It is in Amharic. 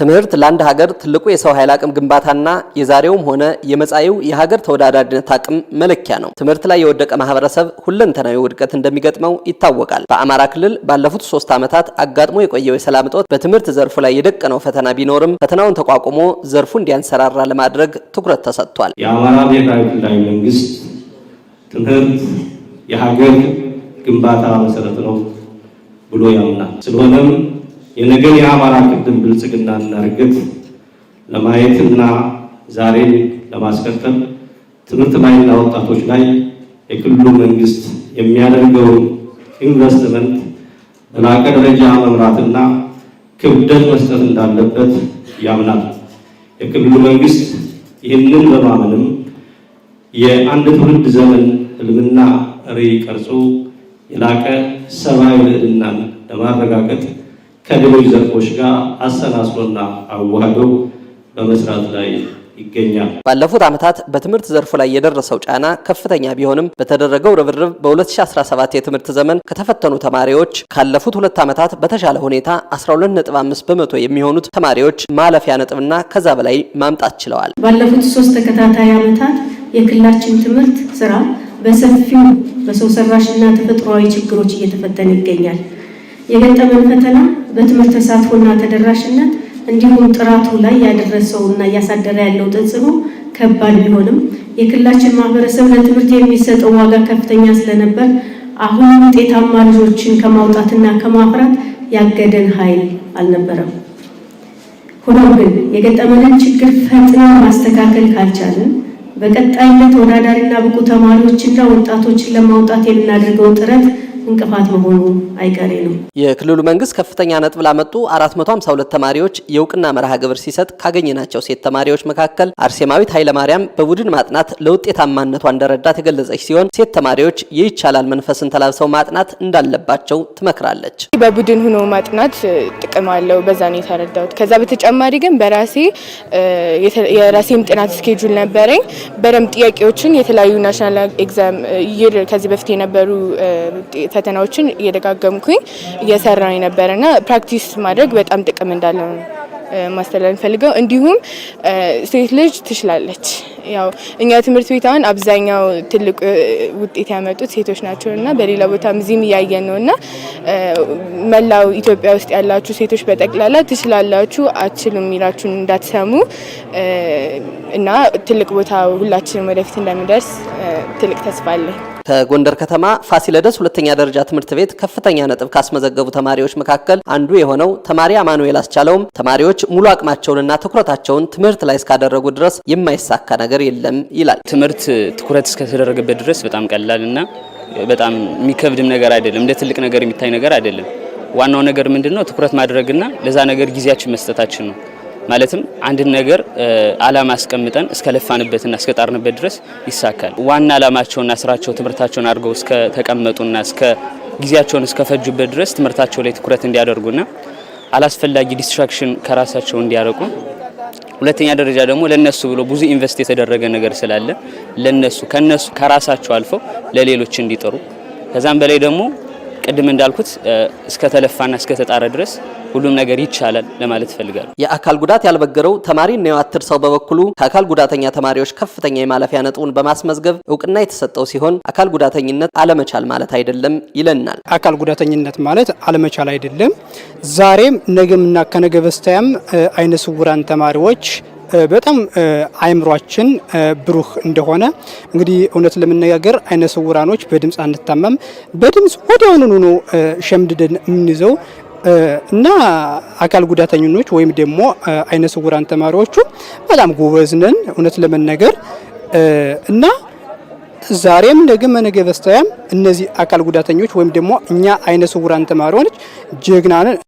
ትምህርት ለአንድ ሀገር ትልቁ የሰው ኃይል አቅም ግንባታና የዛሬውም ሆነ የመጻኢው የሀገር ተወዳዳሪነት አቅም መለኪያ ነው። ትምህርት ላይ የወደቀ ማህበረሰብ ሁለንተናዊ ውድቀት እንደሚገጥመው ይታወቃል። በአማራ ክልል ባለፉት ሶስት ዓመታት አጋጥሞ የቆየው የሰላም እጦት በትምህርት ዘርፉ ላይ የደቀነው ፈተና ቢኖርም ፈተናውን ተቋቁሞ ዘርፉ እንዲያንሰራራ ለማድረግ ትኩረት ተሰጥቷል። የአማራ ብሔራዊ ክልላዊ መንግስት ትምህርት የሀገር ግንባታ መሰረት ነው ብሎ ያምናል። ስለሆነም የነገን የአማራ ቅድም ብልጽግናና እድገት ለማየትና ዛሬን ለማስቀጠል ትምህርት ላይና ወጣቶች ላይ የክልሉ መንግስት የሚያደርገውን ኢንቨስትመንት በላቀ ደረጃ መምራትና ክብደት መስጠት እንዳለበት ያምናል። የክልሉ መንግስት ይህንን በማመንም የአንድ ትውልድ ዘመን ህልምና ራዕይ ቀርጾ የላቀ ሰብአዊ ልዕልናን ለማረጋገጥ ከሌሎች ዘርፎች ጋር አሰላስሎና አዋህዶ በመስራት ላይ ይገኛል። ባለፉት ዓመታት በትምህርት ዘርፉ ላይ የደረሰው ጫና ከፍተኛ ቢሆንም በተደረገው ርብርብ በ2017 የትምህርት ዘመን ከተፈተኑ ተማሪዎች ካለፉት ሁለት ዓመታት በተሻለ ሁኔታ 12.5 በመቶ የሚሆኑት ተማሪዎች ማለፊያ ነጥብና ከዛ በላይ ማምጣት ችለዋል። ባለፉት ሶስት ተከታታይ ዓመታት የክልላችን ትምህርት ስራ በሰፊው በሰው ሰራሽና ተፈጥሯዊ ችግሮች እየተፈተነ ይገኛል። የገጠመን ፈተና በትምህርት ተሳትፎና ተደራሽነት እንዲሁም ጥራቱ ላይ ያደረሰው እና እያሳደረ ያለው ተጽዕኖ ከባድ ቢሆንም የክልላችን ማህበረሰብ ለትምህርት የሚሰጠው ዋጋ ከፍተኛ ስለነበር አሁን ውጤታማ ልጆችን ከማውጣትና ከማፍራት ያገደን ኃይል አልነበረም። ሆኖም ግን የገጠመንን ችግር ፈጥነን ማስተካከል ካልቻለን በቀጣይነት ተወዳዳሪና ብቁ ተማሪዎችና ወጣቶችን ለማውጣት የምናደርገው ጥረት እንቅፋት መሆኑ አይቀሬ ነው። የክልሉ መንግስት ከፍተኛ ነጥብ ላመጡ 452 ተማሪዎች የእውቅና መርሃ ግብር ሲሰጥ ካገኘናቸው ሴት ተማሪዎች መካከል አርሴማዊት ኃይለማርያም በቡድን ማጥናት ለውጤታማነቷ እንደረዳት የገለጸች ሲሆን ሴት ተማሪዎች የይቻላል መንፈስን ተላብሰው ማጥናት እንዳለባቸው ትመክራለች። በቡድን ሆኖ ማጥናት ጥቅም አለው። በዛ ነው የተረዳሁት። ከዛ በተጨማሪ ግን በራሴ የራሴም ጥናት ስኬጁል ነበረኝ። በደንብ ጥያቄዎችን የተለያዩ ናሽናል ኤግዛም ይር ከዚህ በፊት የነበሩ ፈተናዎችን እየደጋገምኩኝ እየሰራ ነበር ና ፕራክቲስ ማድረግ በጣም ጥቅም እንዳለ ነው ማስተላለፍ ፈልገው። እንዲሁም ሴት ልጅ ትችላለች። ያው እኛ ትምህርት ቤት አሁን አብዛኛው ትልቅ ውጤት ያመጡት ሴቶች ናቸው እና በሌላ ቦታም እዚህም እያየን ነው እና መላው ኢትዮጵያ ውስጥ ያላችሁ ሴቶች በጠቅላላ ትችላላችሁ፣ አትችሉም የሚላችሁን እንዳትሰሙ እና ትልቅ ቦታ ሁላችንም ወደፊት እንደምንደርስ ትልቅ ተስፋ አለኝ። ከጎንደር ከተማ ፋሲለደስ ሁለተኛ ደረጃ ትምህርት ቤት ከፍተኛ ነጥብ ካስመዘገቡ ተማሪዎች መካከል አንዱ የሆነው ተማሪ አማኑኤል አስቻለውም ተማሪዎች ሙሉ አቅማቸውንና ትኩረታቸውን ትምህርት ላይ እስካደረጉ ድረስ የማይሳካ ነገር የለም ይላል። ትምህርት ትኩረት እስከተደረገበት ድረስ በጣም ቀላልና በጣም የሚከብድም ነገር አይደለም። እንደ ትልቅ ነገር የሚታይ ነገር አይደለም። ዋናው ነገር ምንድን ነው? ትኩረት ማድረግና ለዛ ነገር ጊዜያችን መስጠታችን ነው። ማለትም አንድን ነገር አላማ አስቀምጠን እስከለፋንበትና እስከጣርንበት ድረስ ይሳካል። ዋና አላማቸውና ስራቸው ትምህርታቸውን አድርገው እስከተቀመጡና እስከ ጊዜያቸውን እስከፈጁበት ድረስ ትምህርታቸው ላይ ትኩረት እንዲያደርጉና አላስፈላጊ ዲስትራክሽን ከራሳቸው እንዲያረቁ ሁለተኛ ደረጃ ደግሞ ለነሱ ብሎ ብዙ ኢንቨስት የተደረገ ነገር ስላለ ለነሱ ከነሱ ከራሳቸው አልፈው ለሌሎች እንዲጠሩ ከዛም በላይ ደግሞ ቅድም እንዳልኩት እስከተለፋና እስከተጣረ ድረስ ሁሉም ነገር ይቻላል ለማለት ፈልጋለሁ። የአካል ጉዳት ያልበገረው ተማሪ ነው ሰው በበኩሉ ከአካል ጉዳተኛ ተማሪዎች ከፍተኛ የማለፊያ ነጥቡን በማስመዝገብ እውቅና የተሰጠው ሲሆን አካል ጉዳተኝነት አለመቻል ማለት አይደለም ይለናል። አካል ጉዳተኝነት ማለት አለመቻል አይደለም። ዛሬም ነገምና ከነገ በስቲያም አይነ ስውራን ተማሪዎች በጣም አይምሯችን ብሩህ እንደሆነ እንግዲህ እውነት ለመነጋገር አይነ ስውራኖች በድምፅ አንታመም። በድምፅ ወዲያውኑ ነው ሸምድደን የምንይዘው። እና አካል ጉዳተኞች ወይም ደግሞ አይነ ስውራን ተማሪዎቹ በጣም ጎበዝ ነን እውነት ለመነገር እና ዛሬም ነገም ነገ በስተያም እነዚህ አካል ጉዳተኞች ወይም ደግሞ እኛ አይነ ስውራን ተማሪዎች ጀግና ነን።